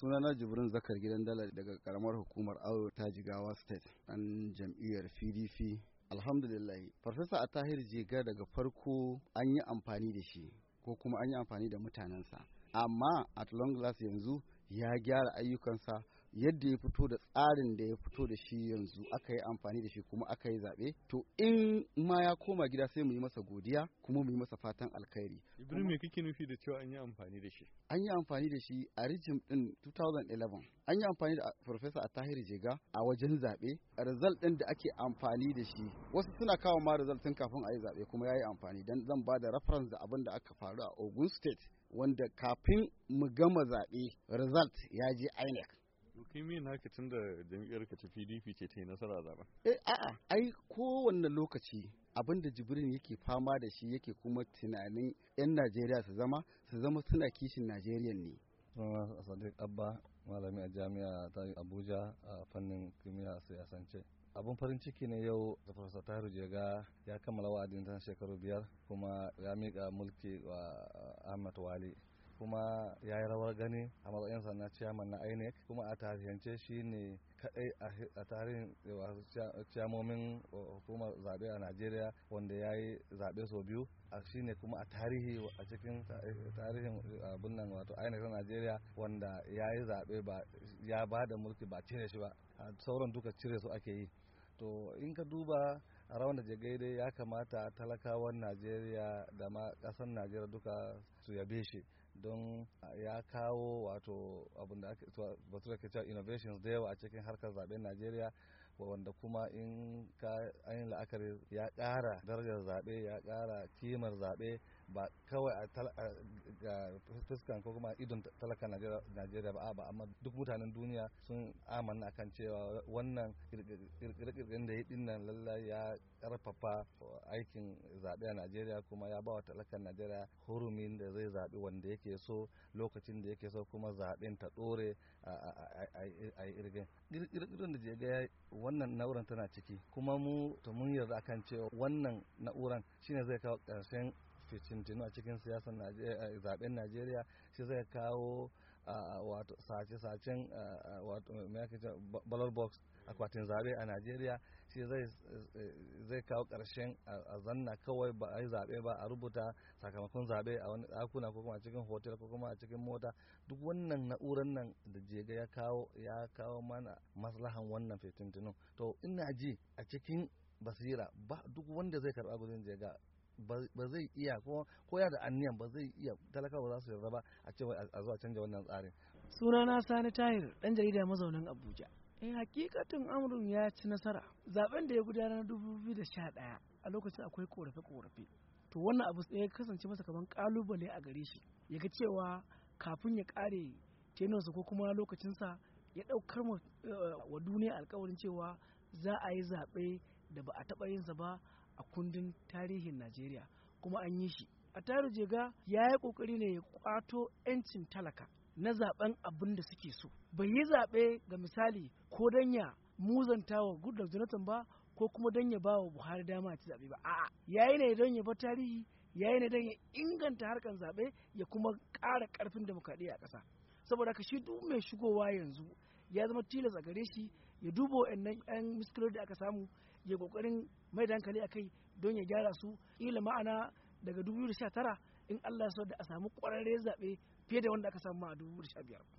sunana jibrin zakar gidan dala daga karamar hukumar awo ta jigawa state an jam'iyyar pdp alhamdulillah farfesa a tahir jiga daga farko an yi amfani da shi ko kuma an yi amfani da mutanensa amma at long last yanzu ya gyara ayyukansa yadda ya fito da tsarin da ya fito da shi yanzu aka yi amfani da shi kuma aka yi zaɓe to in ma ya koma gida sai mu yi masa godiya kuma mu yi masa fatan alkhairi ibrahim me kake nufi da cewa an yi amfani da shi an yi amfani da shi a rijim din 2011 an yi amfani da professor atahiri jega a wajen zaɓe result din da ake amfani da shi wasu suna kawo ma result tun kafin a yi zaɓe kuma ya yi amfani dan zan ba da reference da abin da aka faru a ogun state wanda kafin mu gama zaɓe result ya je inec to kai me naka tunda jam'iyyar ka ta PDP ce ta yi nasara a zaben eh a'a ai kowanne lokaci abin da jibrin yake fama da shi yake kuma tunanin 'yan najeriya su zama su zama suna kishin najeriya ne sadiq abba malami a jami'a ta abuja a fannin kimiyya sance. abin farin ciki ne yau da farfesa tahiru jega ya kammala wa'adin ta shekaru biyar kuma ya miƙa mulki wa ahmad wali kuma ya yi rawar gani a sa na ciyaman na INEC kuma a tarihance shi ne kadai a tarihin ciyamomin hukumar zaɓe a Najeriya wanda ya yi zaɓe sau biyu a shi ne kuma a tarihi a cikin tarihin abin wato INEC na Najeriya wanda ya yi zaɓe ya ba da mulki ba cire shi ba sauran duka cire su ake yi to in ka duba a rawan da jagaide ya kamata talakawan najeriya da ma kasar najeriya duka su yabe shi don ya kawo wato abin da batura ke cewa innovations da yawa a cikin harkar zaben najeriya wanda kuma in ka ainihin la'akari ya ƙara darajar zaɓe ya ƙara kimar zaɓe ba kawai a fuskan ko kuma idon talaka najeriya ba ba amma duk mutanen duniya sun amana akan cewa wannan kirkirkirin ya ya zaɓe najeriya kuma ya bawa najeriya hurumin zai wanda yake yake so lokacin da yake so kuma zaɓen ta ɗore a irgin ƙirƙirin da jega wannan na'uran tana ciki kuma mu ta mun yarda akan cewa wannan na'uran shine zai kawo ƙarshen fitintinu a cikin siyasar eh, zaɓen najeriya shi zai kawo wato sace-sacen wato ballot box akwatin zabe a najeriya shi zai kawo ƙarshen a zanna kawai ba a yi zaɓe ba a rubuta sakamakon zaɓe a wani ɗakuna ko kuma a cikin hotel ko kuma a cikin mota duk wannan na'uran nan da jega ya kawo ya kawo mana maslahan wannan fitintunin to ina ji a cikin basira ba duk wanda zai karba gudun jega ba zai iya ko ya da anniyan ba zai iya talakawa za su yarda ba a ce a zuwa canja wannan tsarin sunana sani tahir dan jarida mazaunin abuja eh hakikatin amrun ya ci nasara zaben da ya gudana sha 2011 a lokacin akwai korafe-korafe to wannan abu ya kasance masa kamar kalubale a gare shi ya ga cewa kafin ya kare tenonsa ko kuma lokacinsa ya daukar eh, wa duniya alkawarin cewa za a yi zaɓe da ba a taɓa yinsa ba a kundin tarihin Najeriya kuma an yi shi. A taru jega ya yi ƙoƙari ne ya kwato 'yancin talaka na zaben abin da suke so. Bai yi zaɓe ga misali ko don ya muzantawa Goodluck Jonathan ba ko kuma don ya ba Buhari dama ci zaɓe ba. A'a, yayi ne don ya bar tarihi, yayi ne don ya inganta harkar zaɓe ya kuma ƙara ƙarfin demokradiyya a ƙasa. saboda haka shi duk mai shigowa yanzu ya zama tilas a gare shi ya dubo yan miskiloli da aka samu ya kokarin mai da hankali akai don ya gyara su ila ma'ana daga 2019 in Allah ya so da a samu kwararre zaɓe fiye da wanda aka samu a 2015